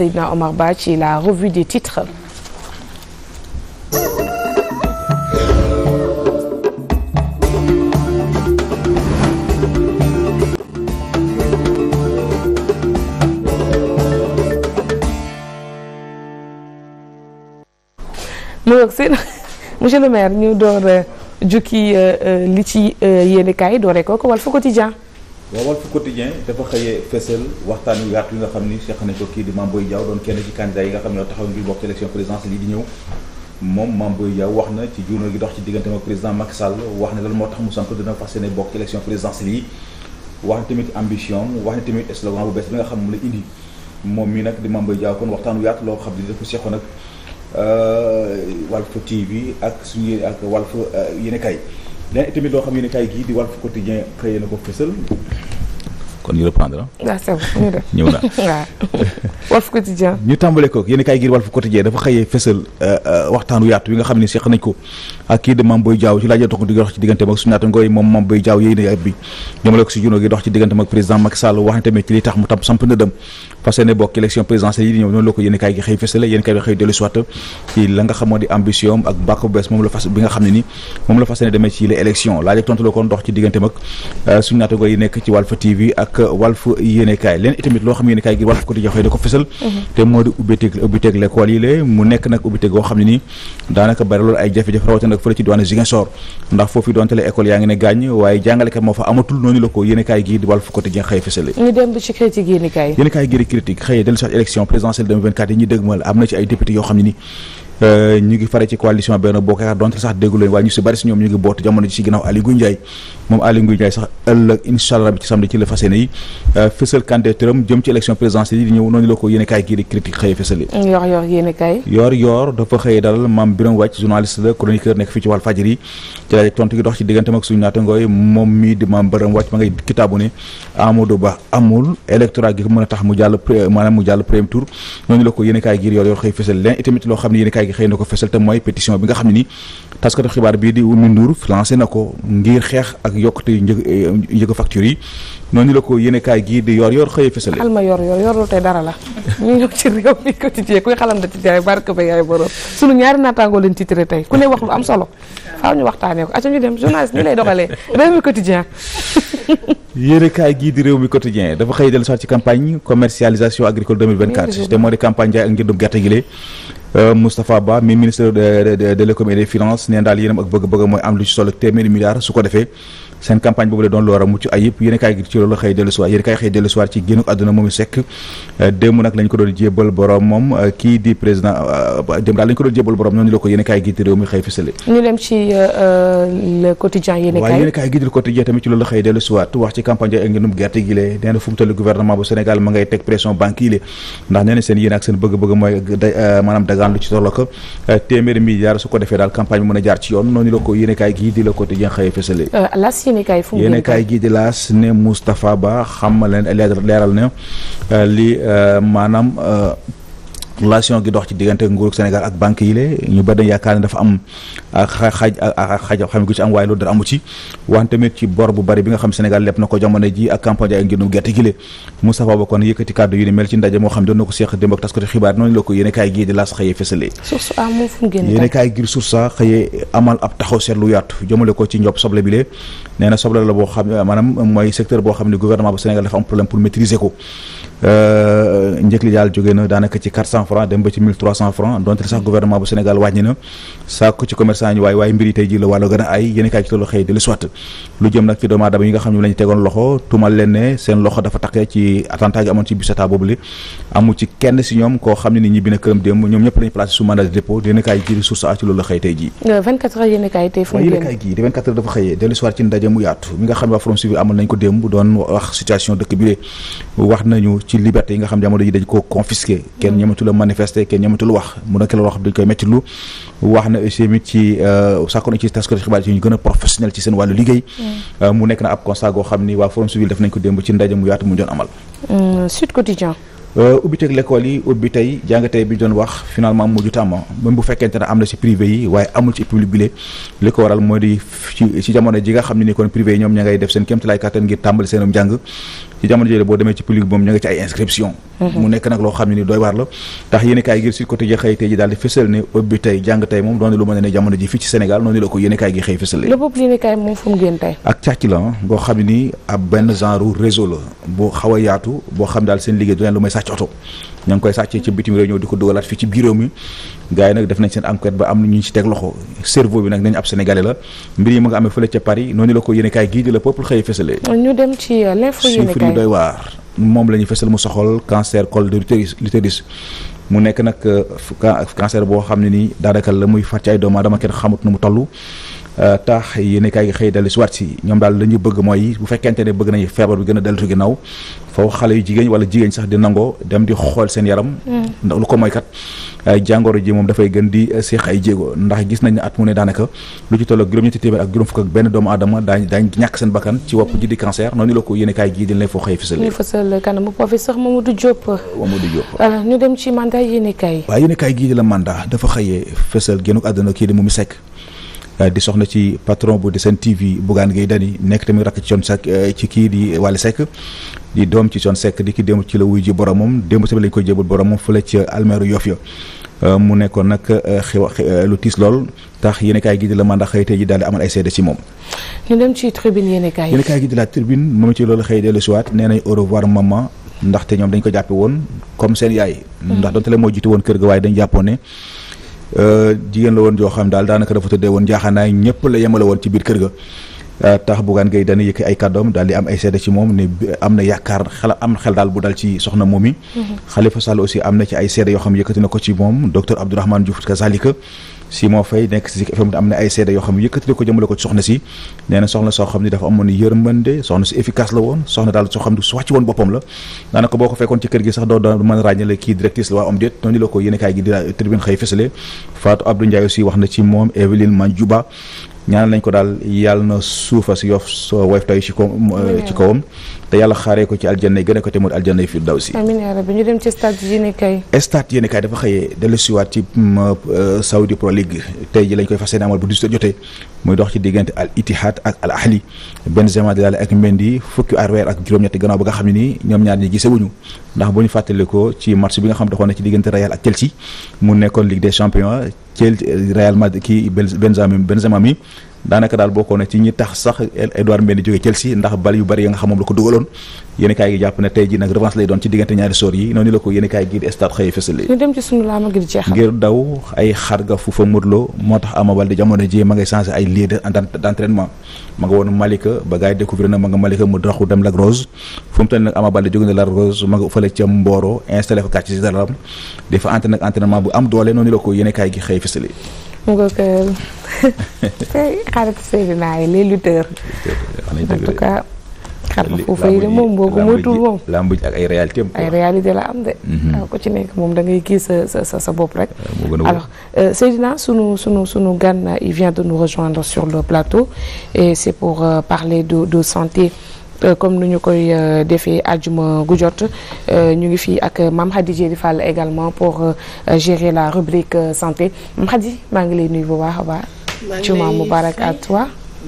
Seydina Omar Ba ci la revue des titres. monsieur le maire ñu door euh, jukki euh, euh, li ci yéenekaay dooree ko ko Walf Quotidien waaw Walf Quotidien dafa xëyee fësal waxtaan wi yaatu yi nga xam ne seq nañ ko kii di Mame Boye Diaw doon kenn ci candidat yi nga xam ne taxaw ngir bokk ci élection présidentielle yi di ñëw moom Mame Boye Diaw ci journée gi président Macky Sall wax ne lan moo tax mu sant dina fas wax tamit ambition wax na tamit slogan bu bees bi nga xam moom la indi moom mi nag di Mame Boye Diaw kon waxtaan wu yaatu loo xam ne dafa seqoon ak euh, Walf TV ak suñu ak Walf euh, yéenekaay leneen tamit loo xam yéenekaay gii di Walf Quotidien xëyee na ko fësal kon ñu reprendre ah. ñëw na waaw Walf Quotidien dafa xëyee fesal euh, euh, waxtaanu yaatu wi nga xam ne seq nañ ko ak kii de Mame Boye ci laaj dox kon dox ci diggante mag euh, suñu ngooy nekk ci Walf TV Walf yéenekaay leen itamit loo xam yéenekaay gi Walf Quotidien xëy da ko fësal mhm. te moo di ubbiteeg ubbiteeg l'école yi lée mu nekk nag ubbiteeg goo xam ne nii daanaka bari loolu ay jafe-jafe rawatina nag fële ci diwaanu Ziguinchor ndax foofu donte la école yaa ngi ne gaañ waaye jàngalekat moo fa amatul noonu la ko yéenekaay gi di Walf Quotidien xëy fësale yéenekaay gi di critique xëy dellu sax élection présidentielle 2024 yi ñu dëgmal am na Euh, ñu ngi fare ci coalition Benno Bokk Yaakaar donte sax déggu leen waaye ñu si bari si ñoom ñu ngi boot jamono ci ginnaaw Aly Ngouille moom Aly Ngouille sax ëllëg incha allah yi euh, ci la ko yéene kaay gii fësale a leen itamit loo xam ne yéene léegi xëy na ko fesal te mooy pétition bi nga xam ne ni taskatu xibaar bii di Oumy Ndour lancé na ko ngir xeex ak yokkute njëg eh, njëgu facture yi noonu la ko yéenekaay gii di yor yor xëy fesal la ñu ñëw ci réew mi ko titiyee kuy xalam da titiyee barke ba yaay borom sunu ñaari naataangoo leen dafa xëy dellu ci campagne commercialisation agricole 2024 te moo di campagne jaay ak njëndum gerte gi Euh, Moustapha Ba mi ministre de de de l'économie et des finances neen daal yéenam ak bëgg-bëgg mooy am lu ci solo téeméeri milliards su ko defee. seen campagne boobu la doon lu a mucc ayib yéen kaay gi ci loolu xëy dellu soir yéen kaay euh, ko doon jébal borom moom euh, kii di président euh, démb daal lañ ko doon jébal borom noonu la ko yéen kaay gi di réew mi xëy ko defee daal campagne bi mën a jaar yéenekaay fu mu yéenekaay gi di laas ne Moustapha Ba xam ma leen leeral ne euh, li euh, maanaam euh, relation gi dox ci diggante nguurug Sénégal ak banque yi le ñu bari dañ yaakaar ne dafa am ah, xaaj xaaj ah, ah, xam gu ci am waaye loolu dara amu ci wante tamit ci bor bu bari bi nga xam Sénégal lépp na ko jamono ji ak campagne ay ngënum gerte gi le Moustapha Bakone yëkkati kàddu yu ni mel ne doon na ko seeq démb ak taskati xibaar noonu la ko yéene kaay gii di laas xëyee fësale yéene kaay a xëyee amal ab taxaw seetlu yaatu jëmale ko ci njob soble bi le nee na soble la boo xam maanaam mooy secteur boo xam ne gouvernement bu Sénégal pour maîtriser ko Euh, njëkk li daal jóge na daanaka ci 400 francs dem ba ci 1300 francs donte sax gouvernement bu Sénégal waaye waaye mbir yi tey ji la wàllu gën a ay yéen kaay ci tollu xëy di lu soit lu jëm ci koo xam ne ni loolu la xëy tey ji 24 euh, heures yéen kaay tey fu ci ndaje mu yaatu mi nga xam ne waa Forum Civil amoon nañ ko démb doon wax situation dëkk bi wax nañu ci liberté yi nga xam jamono ji dañ ko confisqué kenn ñamatu manifester kenn ñamatu wax mu nekk la loo xam dañ koy métti lu wax na aussi ci euh, sàkkoon ci taskati xibaar yi ñu gën a professionnel ci seen wàllu liggéey mm. euh, mu nekk na ab constat goo xam ni waa forum civil def nañ ko démb ci ndaje mu yaatu mu doon amal mm, Sud Quotidien Euh, ubbiteeg ubbi tey jàng tey bi doon wax finalement mujju bu fekkente ne am na ci privé yi waaye amul ci public bi le waral moo di ci jamono ji nga xam ne ni kon privé yi ñoom ña ngay def seen kéemtalaay kattan ngir tàmbali seenum jàng ci jamono jële boo demee ci public moom ña nga ci ay inscription mm-hmm. mu nekk nag loo xam ni doy waar la tax yéen kaay gi sur côté xëy tey ji daal di fësal ne ubbi tey jàng tey moom doon lu mën a ne jamono ji fii ci Sénégal sàcc oto ña ngi koy sàccee ci bitim réew ñëw di ko dugalaat fii ci biir réew mi gars nag def nañ seen enquête ba am na ñu ci teg loxo cerveau bi nag nañ ab sénégalais la mbir yi ma nga amee fële ca Paris noonu la ko yéenekaay gii di la peuple xëy fësale ñu dem ci euh, l'info chiffre waar moom la ñuy fësal mu soxool cancer col de l'utérus l'utérus mu nekk nag euh, cancer boo xam ne nii daanaka la muy far ci ay doomu aadama kenn xamut nu mu tollu Euh, tax yéen kaay gi xëy dellu si waat si ñoom daal la ñu bëgg mooy bu fekkente ne bëgg nañu feebar bi gën a deltu ginnaaw foofu xale yu jigéen wala jigéen sax di nangoo dem di xool seen yaram mm. ndax lu ko mooy kat jàngoro ji moom dafay gën di eh, seex ay jéego ndax gis nañ ne at mu ne daanaka lu ci toll ak juróom-ñetti téeméer ak juróom fukk ak benn doomu aadama daañ daañ ñàkk seen bakkan ci wopp ji di cancer noonu la ko yéen kaay gii dañ lay foo xëyee fësal génnuk àdduna kii di Momy Seck Euh, di soxna ci patron bu Sen TV Bougane Gueye Dany nekk tamit rakk ci Thione Seck euh, ci kii di Wally Seck di doom ci Thione Seck di ki démb ci la wuy ji boromam démb tamit lañ koy jébal boromam fële ci almeeru Yoff ya euh, mu nekkoon nag moom. dem ci tribune yéenekaay. gi di la tribune moom ci loolu xëy dellu si waat nee nañ au revoir maman ndaxte ñoom dañ ko jàppe woon comme seen yaay. Mm-hmm. ndax donte la moo jiitu woon kër ga waaye dañ jàppoon Euh, jigéen la woon joo xam daal daanaka dafa tëddee woon jaaxaanaay ñëpp la yemale woon ci biir kër ga. Euh, tax Bougane Gueye Dany yëkk ay kàddoom daal di am ay seede ci moom ne am na yaakaar xel am xel daal bu dal ci soxna moom yi. Mm-hmm. Khalifa Sall aussi am na ci ay seede yoo xam yëkkati ko ci moom docteur Abdourahmane Diouf kazalika Simon Faye nekk si Zik FM am na ay seede yoo xam ne yëkkati ko jëmale ko ci soxna si nee na soxna soo xam ne dafa amoon yërmande soxna si efficace la woon soxna daal soo xam ne su wàcc woon boppam la daanaka boo ko fekkoon ci kër gi sax doo doo mën a ràññale kii directrice la waa am noonu la ko yéen gi di tribune xëy fësale Fatou Abdou Ndiaye aussi wax na ci moom Evelyne Mandjouba ñaanal nañ ko daal yàlla na suufa si yof soo woyof tay ci eh, kawam te yàlla xaaree ko ci aljanna yi ko témoon aljanna yi fi daw si amiin yaa rabbi ñu dem ci stade yéene kay stade yéene kay dafa xëyee dellu siwaat ci mm, euh, Saudi Pro League tey ji lañ koy fas yéene amal bu di jotee muy dox ci diggante al Ittihad ak al Ahli Benzema di daal ak Mendy fukki ar weer ak juróom-ñetti gannaaw ba nga xam ne nii ñoom ñaar ñi gisewuñu ndax bu ñu ko ci match bi nga xam doxoon na ci diggante Real ak Chelsea mu nekkoon Ligue des Chelsea Real Madrid kii Benzema mi daanaka daal bokkoon na ci ñi tax sax Edouard Mendy jóge Chelsea ndax bal yu bari ya nga xam moom la ko dugaloon yéen kaay gi jàpp ne tey ji nag revanche lay doon ci diggante ñaari sóor yi noonu la ko yéen kaay gi di stade moo tax Ama jamono ji ma ngay changé ay lieu d'entraînement ma nga woon Malika ba gars na ma nga Malika mu raxu dem Ama Baldé ma nga fële ca Mboro installé fa am doole noonu la ko yéen gi xëy fësale mu nga ko xarit Seydina yi les lutteurs. en tout foofu yi de moom boo ko moytuwul moom. lamb ji ak ay réalité ay réalité la am de. Mhm. ko ci nekk moom da ngay kii sa sa sa bopp rek. alors euh, Seydina sunu sunu sunu gan il vient de nous rejoindre sur le plateau et c'est pour euh, parler de santé. Euh, comme nu ñu koy euh, defee àjjuma gu jot euh, ñu ngi fii ak Mame Khady Diéry Fall également pour gérer la rubrique santé Mame Khady maa ngi lay nuyu bu baax a baax. maa ngi lay Juma Mubarak à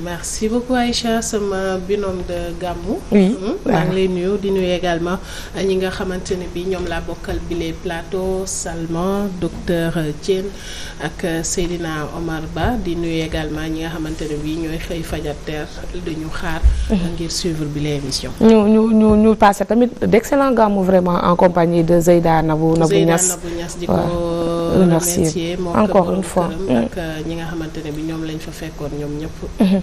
merci beaucoup Aïcha sama binôme de Gamou. oui mm-hmm. maa ngi lay nuyu di nuyu également ñi nga xamante ne bi ñoom laa bokkal bile plateau Salman docteur Dieng ak Seydina Omar Ba di nuyu également ñi nga xamante ne bi ñooy xëy fajateer dañu xaar. Mm-hmm. ngir suivre bile émission. ñu ñu ñu ñu passé tamit d'excellent Gamou vraiment en compagnie de Zeyda Nabou Nabou Niass Zeyda Nabou Niass remercier encore une fois ak euh, ñi nga xamante ne bi ñoom lañ fa ñoom ñëpp mhm.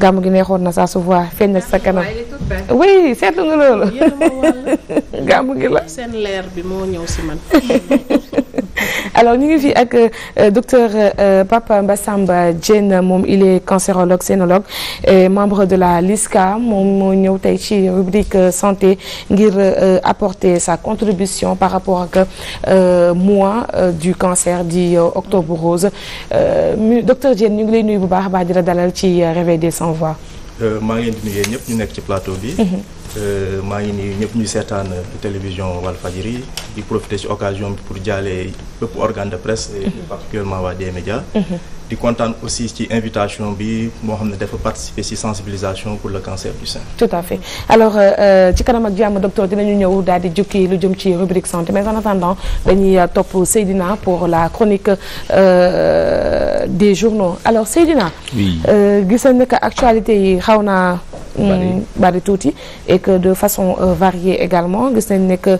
gàmm gi neexoon na saa su voix feeñ sa kanam oui seetlu nga loolu gàmm gi la seen leer bi moo ñëw si man alors ñu ngi fii ak euh, docteur euh, Papa Massamba Diène moom il est cancérologue sénologue et membre de la LISCA moom moo ñëw tey ci rubrique santé ngir apporter sa contribution par rapport ak mois du cancer di euh, octobre rose euh, docteur Diène ñu ngi lay nuyu bu baax a baax di la dalal ci euh, réveil des sans voix. maa ngi leen di nuyu ñu nekk ci plateau bi. Mhm. Euh, maa ngi nii ñëpp ñu seetaan télévision Walfadjri di profiter ci occasion bi pour jaale bépp organe de presse et mhm. waa D-Média mhm. di kontaan aussi ci invitation bi moo xam ne dafa participer ci sensibilisation pour le cancer du sein tout à fait alors euh, euh, ci kanam ak jàmm docteur dinañu ñëw daal di jukki lu jëm ci rubrique santé mais en attendant dañuy topp Seydina pour la chronique des journaux alors Seydina gis nañ ne que actualité yi xaw naa Mm, bari tuuti et que de façon euh, varier également gis seen nekk que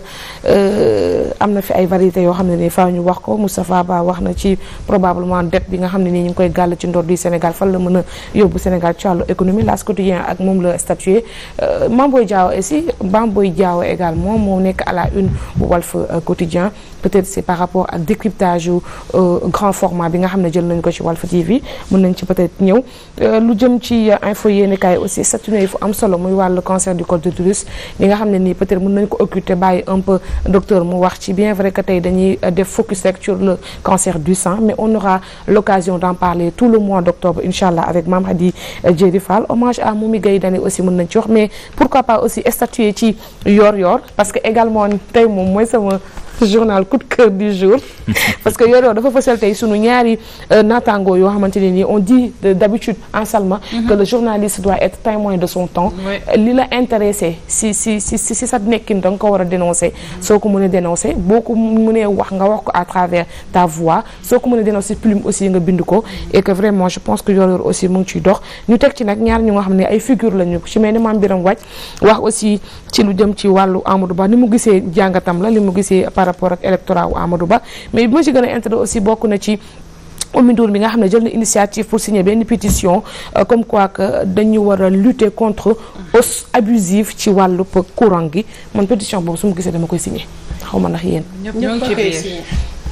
euh, am na fi ay variétés yoo xam ne ni faaw ñu wax ko Moustapha Ba wax na ci probablement dette bi nga xam ne nii ñu ngi koy gàll ci ndor du Sénégal fan la mën a yóbbu Sénégal ci wàllu économie L'As Quotidien ak moom la statué euh, Mamboy Diao aussi Mamboy Diao également moo nekk à la une bu Walf Quotidien peut-être c'est par rapport ak décryptage yu euh, grand format bi nga xam ne jël nañ ko ci Walf TV mën nañ ci peut-être ñëw euh, lu jëm ci euh, info yéeni kaay aussi saturé fu am solo muy wàllu cancer du col de l'utérus bi nga xam ne nii peut-être mën nañ ko occulter bàyyi un peu docteur mu wax ci bien vrai que tey dañuy def focus rek sur le cancer du sang mais on aura l'occasion d'en parler tout le mois d'octobre inchallah avec Mame Hadi Diéry Fall hommage à Momi Gaye nañ ci wax mais pourquoi pas aussi statuer ci yor yor parce que également moom mooy journal coup de cœur du jour parce que yooyu dafa fësal tey sunu ñaari euh, naataangoo yoo xamante ne nii on dit en salma mhm. que le journaliste doit être témoin de son temps li la intéressé si sa nekkin da ko war a dénoncer mhm. soo ko mënee dénoncer boo ko mënee wax nga wax ko à travers ta voix soo ko mënee dénoncer plume aussi nga bind ko et que vraiment je pense que Yoor aussi mu ngi ciy dox ñu teg ci nag ñaar ñu nga xam ne ay figure lañu ci mel ni Mame rapport ak électorat wu Amadou Ba mais bi ma ci gën a intérêt aussi bokk na ci Oumy Ndour bi nga xam ne jël na initiative pour signer benn pétition euh, comme quoi dañu war a lutter contre hausse abusive ci wàllu courant gi man pétition boobu su ma gisee dama koy signer xaw ma ndax yéen.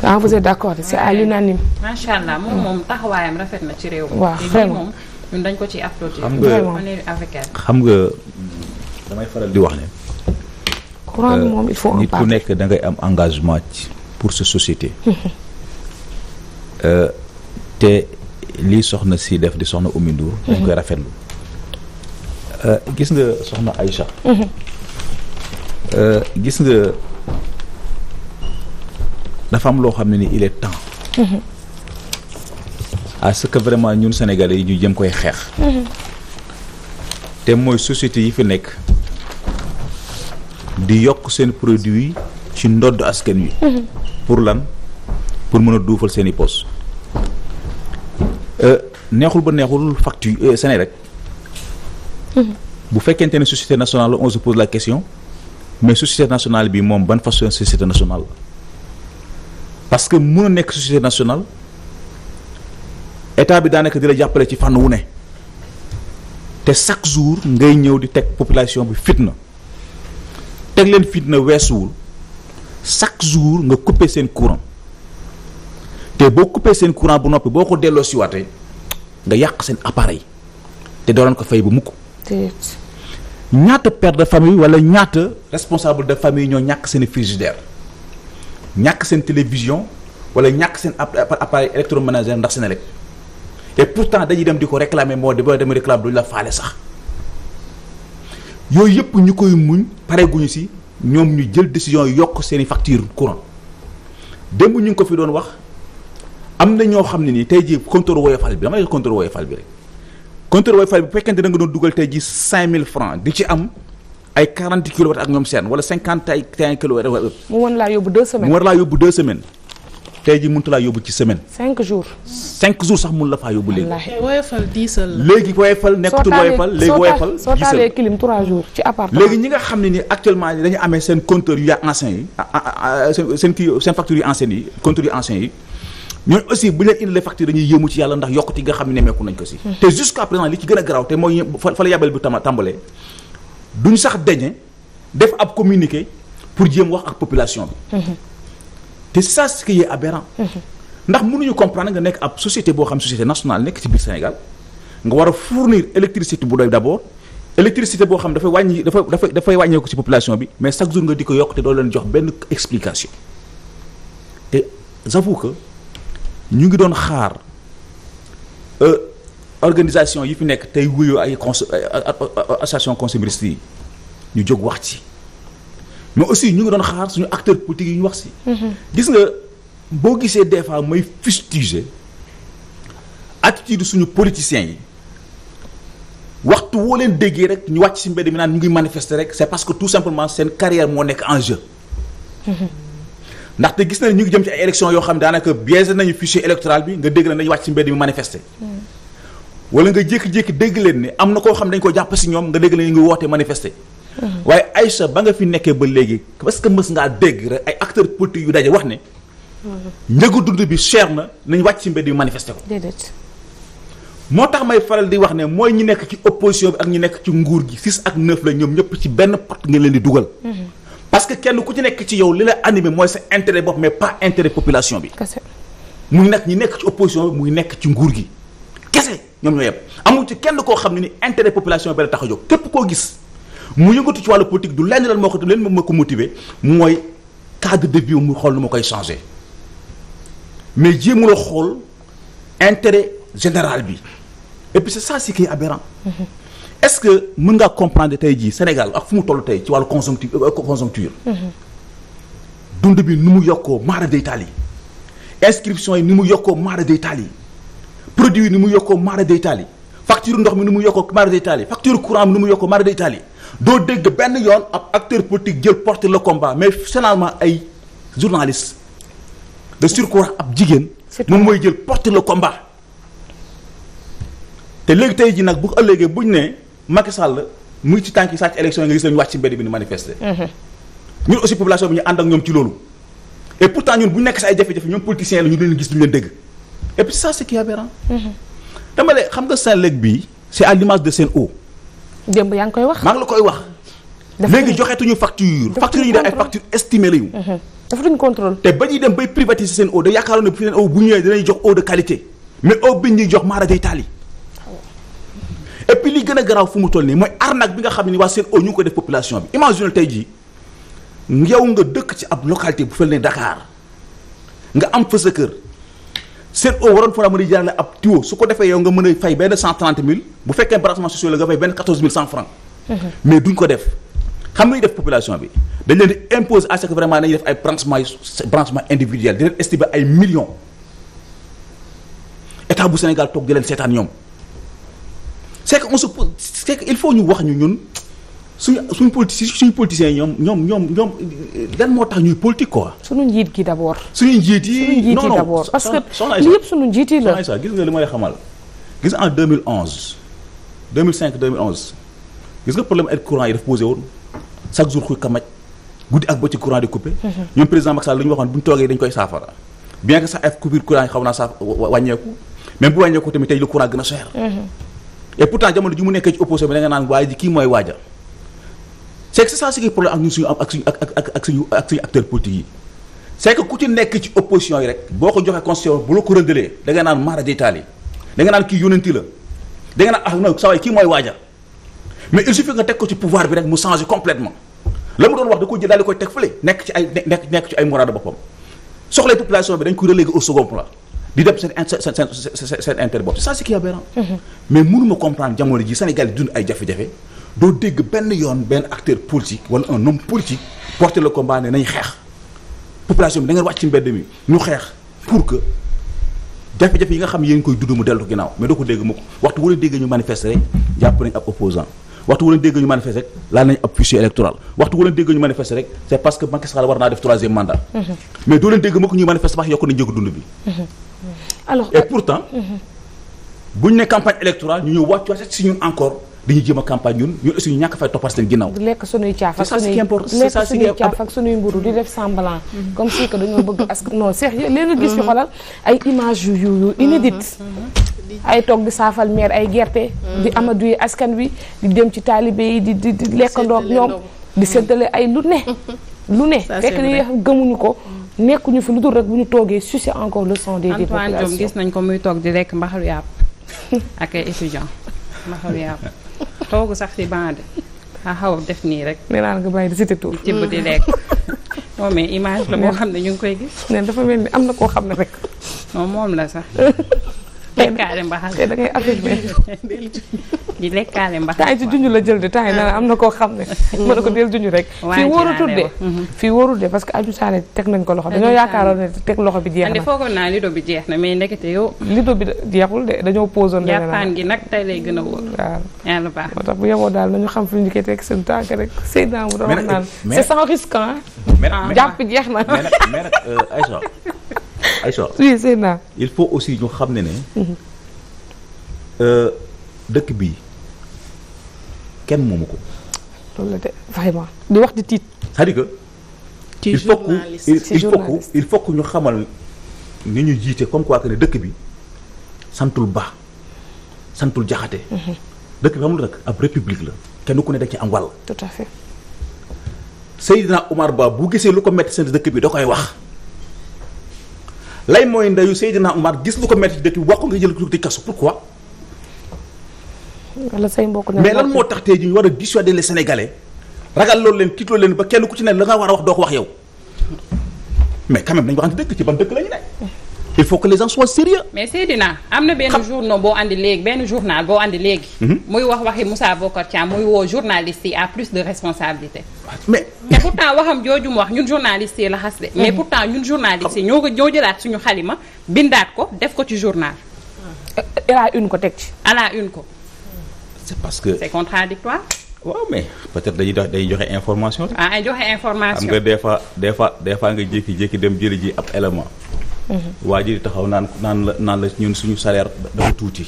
ah vous êtes d'accord c'est à l'unanime. macha allah moom mm. moom taxawaayam rafet na ci réew mi. xam nga damay faral di wax ne. courant moom il faut euh, nit ku nekk da ngay am engagement pour sa société euh, te lii soxna si def di soxna Oumy Ndour dañ mhm. koy rafetlu euh, gis nga soxna Aïcha mhm. gis nga dafa am loo xam ne ni il est mhm. que vraiment ñun Sénégalais yi ñu jëm koy xeex te mooy société yi fi nekk di yokk seen produit ci ndodd askan wi. Mhm. pour lan pour mën a duufal seen i poos euh, neexul ba neexul facture euh, sene rek. Mhm. bu fekkente ne société nationale on se pose la question mais société nationale bi moom ban façon société nationale parce que mën a nekk société nationale état bi daanaka di la jàppale ci fànn wu ne te chaque jour ngay ñëw di teg population bi fitna. teg leen fitna weesuwul chaque jour nga couper seen courant te boo couper seen courant bu noppi boo ko delloo si waatee nga yàq seen appareil te doo leen ko fay bu mukk ñaata père de famille wala ñaata responsable de famille ñoo ñàkk seen frigidaire ñàkk seen télévision wala ñàkk seen appareil électroménager ndax Senelec te pourtant dañuy dem di ko réclamer moo de ba dem réclame duñu la faale sax yooyu yëpp ñu koy muñ pareeguñu si ñoom ñu jël décision yokk seeni i facture courant démb ñu ngi ko fi doon wax am na ñoo xam ne nii tey ji compteur woyofal bi dama lay compteur woyofal bi rek compteur woyofal bi bu fekkente da nga doon dugal tey jii 5000 francs di ci am ay 40 kilowatts ak ñoom seen wala 50 ay 50 kilowatts. mu war laa yóbbu 2 semaines tey ji mënut laa ci semaine. cinq jours. cinq jours sax mun la faa yóbbu léegi. wallaahi eh, woyofal diisal. léegi woyofal nekkatul ñi nga xam ne ni actuellement dañu amee seen compteur yu ya ancien yi seen seen kii seen factures yu yi compteur yu bu ñu leen indilee facture dañuy yéemu ci yàlla ndax yokkute nga xam ne nemmeeku ko si. Hmm. présent li ci gën a garaaw te mooy fa la yabal bi tàmbalee duñ sax deñe def ab communiqué pour jéem wax ak population bi hmm. te ça ce qui est aberrant mhm. ndax mënuñu comprendre nga nekk ab société boo xam société nationale nekk ci biir Sénégal nga war a fournir électricité bu doy d' abord électricité boo xam dafay wàññi dafa dafay dafay wàññeeku ci population bi mais chaque jour nga di ko yokk te doo leen jox benn explication te j'avoue que ñu ngi doon xaar euh, organisation yi fi nekk tey wuyoo ay cons association consumériste yi ñu jóg wax ci mais aussi ñu ngi doon xaar suñu acteurs politiques yi ñu wax si. Mhm. gis nga boo gisee des fois may fustiger attitude suñu politiciens yi waxtu woo leen déggee rek ñu wàcc si mbedd mi naan ñu ngi manifester rek c'est parce que tout simplement seen carrière moo nekk en mhm. ndax te gis nañ ñu ngi jëm ci ay élections yoo xam daanaka biaisé nañu fichier électoral bi nga dégg na dañu wàcc si mbedd mi manifester. Mhm. wala nga jékki-jékki dégg leen ni am na koo xam dañ ko jàpp si ñoom nga dégg leen ñu ngi woote waaye Aïcha ba nga fi nekkee ba léegi parce que mës ngaa dégg rek ay acteurs politiques yu daje wax ne. njëgu dund bi cher na nañ wàcc ci mbedd yu manifeste ko. déedéet. moo tax may faral di wax ne mooy ñi nekk ci opposition bi ak ñi nekk ci nguur gi six ak neuf la ñoom ñëpp ci benn pot leen di dugal. Mm-hmm. parce que kenn ku ci nekk ci yow li la animé mooy sa intérêt bopp mais pas intérêt population bi. kese muy nag ñi nekk ci opposition bi muy nekk ci nguur gi kese ñoom ñoo yem amul ci kenn koo xam ne ni intérêt population bi la tax a jóg képp koo gis. mu yëngatu ci wàllu politique du lenn lan moo ko leen moom moo ko motiver mooy cadre de vie mu xool nu ma koy changer mais jéemuloo xool intérêt général bi et puis c'est ça ce qui est mm-hmm. est-ce que mun ngaa comprendre tey jii Sénégal ak fu mu toll tey ci wàllu euh, conjoncture conjoncture mm-hmm. dund bi ni mu yokkoo maara deytaal yi inscription yi ni mu yokkoo maara deytaal yi produit yi ni mu yokkoo maara deytaal yi facture ndox mi ni mu yokkoo maara deytaal yi facture courant bi ni doo dégg benn yoon ab acteur politique jël porter la combat mais finalement ay journaliste de surcroît ab jigéen. moom mooy jël porter le combat. te léegi tey ji nag bu ëllëgee bu ñu nee Macky Sall mu ngi ci tànk yi sàcc élection yi nga gis lañu wàcc ci bi ni manifester. Mhm. ñun aussi population bi ñu ànd ak ñoom ci loolu. et pourtant ñun bu nekk si ay jafe-jafe ñoom politiciens la ñu leen gis duñu leen dégg et puis ça c'est qui est mhm. xam nga Senelec bi c'est à démb yaa ngi koy wax. maa ngi la koy wax. léegi joxeetuñu facture. facture yi ñu ay facture estimée la ñu. dafa duñ te ba ñuy dem bay privatiser seen eau da yaakaaroon ne bu fi seen eau bu ñëwee jox eau de qualité mais eau bi ñuy jox maara day taali. et li gën a garaaw fu mu toll nii mooy arnaque bi nga xam ne waa seen eau ñu ngi ko def population bi imagine tey jii yow nga dëkk ci ab localité bu fel ne Dakar nga am fa sa kër. CNO waroon faraa mën a jëlaat ab tuyau su ko defee yow nga mën a fay benn cent trente mille bu fekkee branchement social la nga fay benn quatorze mille cent francs mhm. mais duñ ko def xam nañu def population bi dañ leen di imposer à ce que vraiment nañu def ay branchement individuel di leen estimer ay millions état bu Sénégal toog di leen seetaan ñoom c'est que on se pose c'est il faut ñu wax ñu ñun suñu suñ politi suñu politiciens ñoom ñoom ñoom ñoom lan moo tax ñuy politique quoi. suñu njiit gi d' abord. suñu njiit yi non non parce que li yëpp suñu njiit yi gis nga li ma lay xamal gis en 2011 2005 problème ay courant yi daf posé woon chaque jour xuy kamaj guddi ak ba ci courant di coupé. Mhm. ñoom président Macky Sall waxoon bu toogee dañu koy saafara bien que sax ay coupure courant yi xaw naa saaf wàññeeku même bu wàññeeku tamit tey le courant gën a cher. Mhm. et pourtant jamono ji mu nekkee ci opposition waaye ji kii mooy waaja c' est que c'est problème ak ñun suñu ak suñu ak ak ak suñu ak suñu yi c' est ku ci nekk ci opposition yi rek boo ko joxee constitution bu ko rëndalee da naan mara détaillé da nga naan kii yónanti la da naan ah non saa kii mooy waaja mais il suffit nga teg ko ci pouvoir bi rek mu changé complètement la mu doon wax da ko jël daal di koy teg fële nekk ci ay nekk ci ay moraada boppam soxlay population bi dañ ko relégué au second plan di dem seen seen mm-hmm. ji Sénégal yi doo dégg benn yoon benn acteur politique wala un homme politique porter le combat ne xeex population bi da wàcc ci mbedd mi ñu xeex pour que jafe-jafe yi nga xam yéen koy dudd mu dellu ginnaaw mais doo ko dégg mukk waxtu wala dégg ñu manifester rek jàpp nañ ab opposant waxtu dégg ñu manifester rek laal nañ ab fichier électoral waxtu wala dégg ñu manifester rek c'est parce que Macky Sall war naa def troisième mandat. Mm-hmm. mais doo leen dégg mukk ñuy manifester wax yokk nañ njëgu dund bi. Mm-hmm. Mm-hmm. dañuy jéem a campagne ñun ñun aussi ñu ñàkk fay toppar seen ginnaaw. di lekk suñuy caaf ak suñuy mburu di def semblant. Mm-hmm. comme si que dañoo bëgg askan non sérieux mm-hmm. ay images mm-hmm. saafal meer ay gerte. di amadu yi askan wi di dem ci taalibe yi di di lekkandoo ñoom. di séddale ay lu ne. lu ne fekk li gëmuñu ko. nekkuñu fi lu dul rek bu ñu toogee sucer encore le sang des. des populations Antoine nañ ko muy toog di lekk mbaxalu yàpp ak toogu sax si ban de a xaw def nii rek nee naa la nga bàyyi di cité tour tibb di lekk non mais image la moo xam ne ñu ngi koy gis ne dafa mel ni am na koo xam ne rek non moom la sax tekkaale mbaxal te da ngay affirmé di lekkaale mbax temps yi ci junj la jël de temps yi naan am na koo xam ne mën na ko del junj rek fii wóorutul de mhm. fii wóorul de parce que aju saane teg nañ ko loxo dañoo yaakaaroon ne teg loxo bi jeex na foogoon naa lido bi jeex na mais ndekete jeexul de dañoo posoon jàppaan gi nag tey lay gën a wóor waaw yàlla bu yeboo daal nañu ñu koy teg seen tànk rek sëy naa mu doon wax naan c'est sans risque ah jàpp jeex na euh, Aïcha Aïcha oui sëy il faut aussi ñu xam ne ne mhm. euh, dëkk bi kenn moomu ko. loolu la de vraiment di wax di tiit. c'est-à-dire que il faut il faut ñu xamal ni ñu jiite comme quoi que ne dëkk bi santul ba santul jaxate. Mhm. dëkk bi xamul nag ab république la kenn ku ne da am wàll. tout à fait. Seydina Omar Ba bu gisee lu ko metti seen dëkk bi da koy wax lay mooy ndeyu Seydina Omar gis lu ko metti dëkk bi wax ko nga jël ko di kasu pourquoi. wala say mbokk mais lan moo tax te jii ñu war a dissuader les sénégalais ragal loolu leen tiitloo leen ba kenn ku ci ne la nga war a wax doo ko wax yow mais quand même dañu waxante dëkk ci ban dëkk la ñu ne. il faut que les gens soient sérieux mais Seydina am na benn journal boo andi léegi benn journal boo andi léegi. Mhm. muy wax waxi Moussa Bokar Thiam muy woo journaliste yi à plus de responsabilité. mais mais pourtant waxam jooju mu wax ñun journaliste yi laxas xas de. mais mhm. pourtant ñun journaliste yi ñoo ko ñoo jëlaat suñu xalima bindaat ko def ko ci journal. à euh, la une ko teg ci. à une ko. c'est parce que c'est contradictoire waaw mais peut-être dañuy dox day joxe information rek. ah ay nga des fois des fois des fois nga jékki-jékki dem jëli ji ab élément. Mhm. waa ji di taxaw naan naan la naan la ñun suñu salaire dafa tuuti.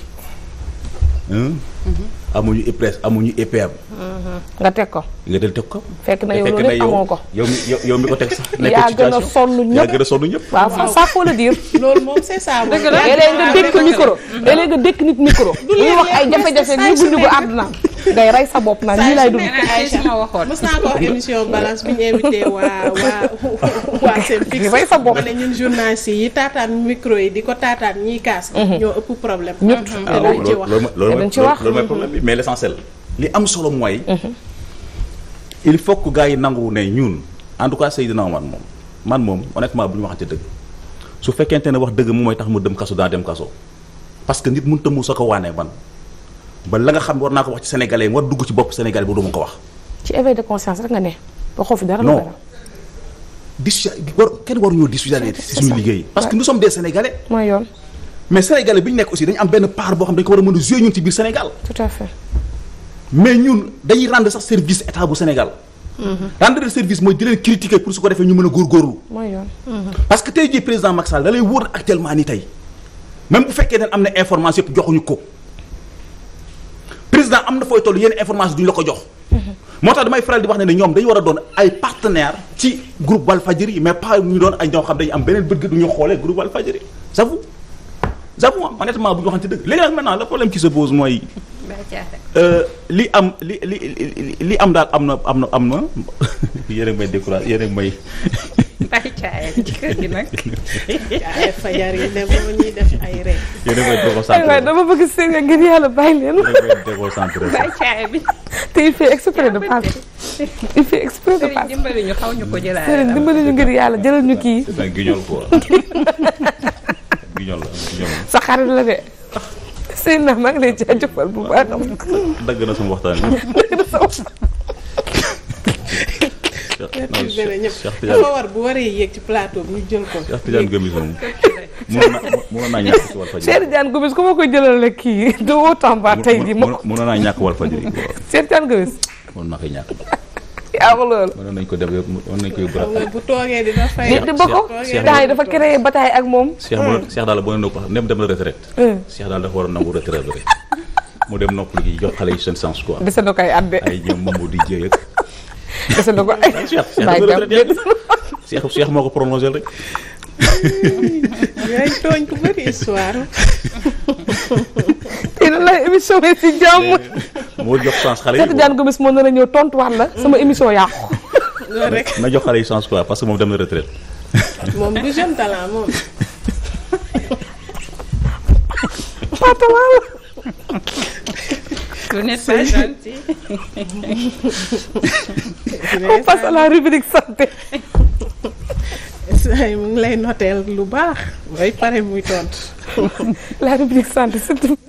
Mm-hmm. amuñu IPRES amuñu IPM. Mm-hmm. nga teg ko. nga del teg ko. fekk na yow loolu amoo ko yow mi yow mi ko teg sax. yaa gën a sonn ñëpp yaa gën a sonn ñëpp. waaw ça ça faut le dire. loolu nga dékk micro. léeg-léeg nga dékk nit micro. du rey sa bopp naan nii lay wax émission mm-hmm. ci ah, wax loolu mooy mais l' essentiel li am solo mooy. Mhm. il faut que gars yi nangu ne ñun en tout cas Seydina Omar moom man moom honnêtement bu ñu waxante dëgg su fekkente ne wax dëgg moom mooy tax mu dem kaso daa dem kaso parce que nit mënut a sa a ko waane man ba la nga xam ne war naa ko wax ci sénégalais war dugg ci bopp sénégalais bu duma ko wax. ci éveil de conscience rek nga ne waxoo fi dara. non dis war kenn waruñoo dissuader ci suñu liggéey. parce que nous sommes des mooy yoon. mais sénégalais bi ñu nekk aussi dañu am benn part boo xam dañu ko war a mën a jouer mais ñun dañuy rendre sax service état bu Sénégal. Mm-hmm. rendre service mooy di leen critiquer pour su defee ñu mën a góorgóorlu. mooy yoon mm-hmm. parce que président Macky Sall da lay ni tey même bu fekkee ne am na information yëpp joxuñu ko président am na fooy toll yenn information duñu la ko jox. Mm-hmm. moo tax damay faral ne ne ñoom dañ war a doon ay partenaire ci groupe Walfadjri mais pas ñu doon ay ñoo xam dañu am beneen bëgg du ñu xoolee groupe Walfadjri j'avoue honnêtement bu ñu waxante dëgg léegi nag maintenant le problème qui se pose mooy. Euh, li am li li li am daal am na am na am na. yéen a may découragé yéen a may. bàyyi caaya ci kër gi nag. caaya a may bëgg sëñ bi yàlla bàyyi leen. yéen te il fait exprès de passer. il fait exprès de passer. dimbali ñu xaw ñu ko jëlaat. dimbali ñu ngir yàlla jëlal ñu kii. guignol la guignol sa xarit la de. sëñ na maa ngi lay jaajëfal bu baax. dagg na sama waxtaan bi. dagg na sama waxtaan. war bu waree yéeg ci a bi ñu jël ko. Cheikh Tidiane Gomis naa ñàkk ci Walfadjri. Cheikh Tidiane Gomis ku ma ko naa ñàkk Walfadjri. Cheikh Tidiane Gomis. mënoon naa koy ñàkk. ama loolu. mënoon nañ ko dem mënoon nañu ko yóbbu. bu toogee dina fay. nit ba ko daay dafa créé bataille ak moom. Cheikh ma la daal boo nee ko xam nem dem na retraite. Cheikh daal dafa war a nangu retraite rek. mu dem noppal gi jox xale yi seen sens quoi. dese na ko ay at de. ay ñoom moom di jéy ak. dese na ko ay. Cheikh Cheikh moo ko prolongé rek. yaa tooñ ku bëri histoire. émission yi ci jàmm. moo jox chance xale yi Cheikh moo nar ñëw tontuwaat la sama hmm. émission yàqu. loolu rek na jox xale yi chance quoi parce que moom dem na retraite. moom du jeune talent moom. pas gentil. la rubrique santé. say mu ngi lay noteel lu baax. mooy pare muy tontu. la rubrique santé surtout.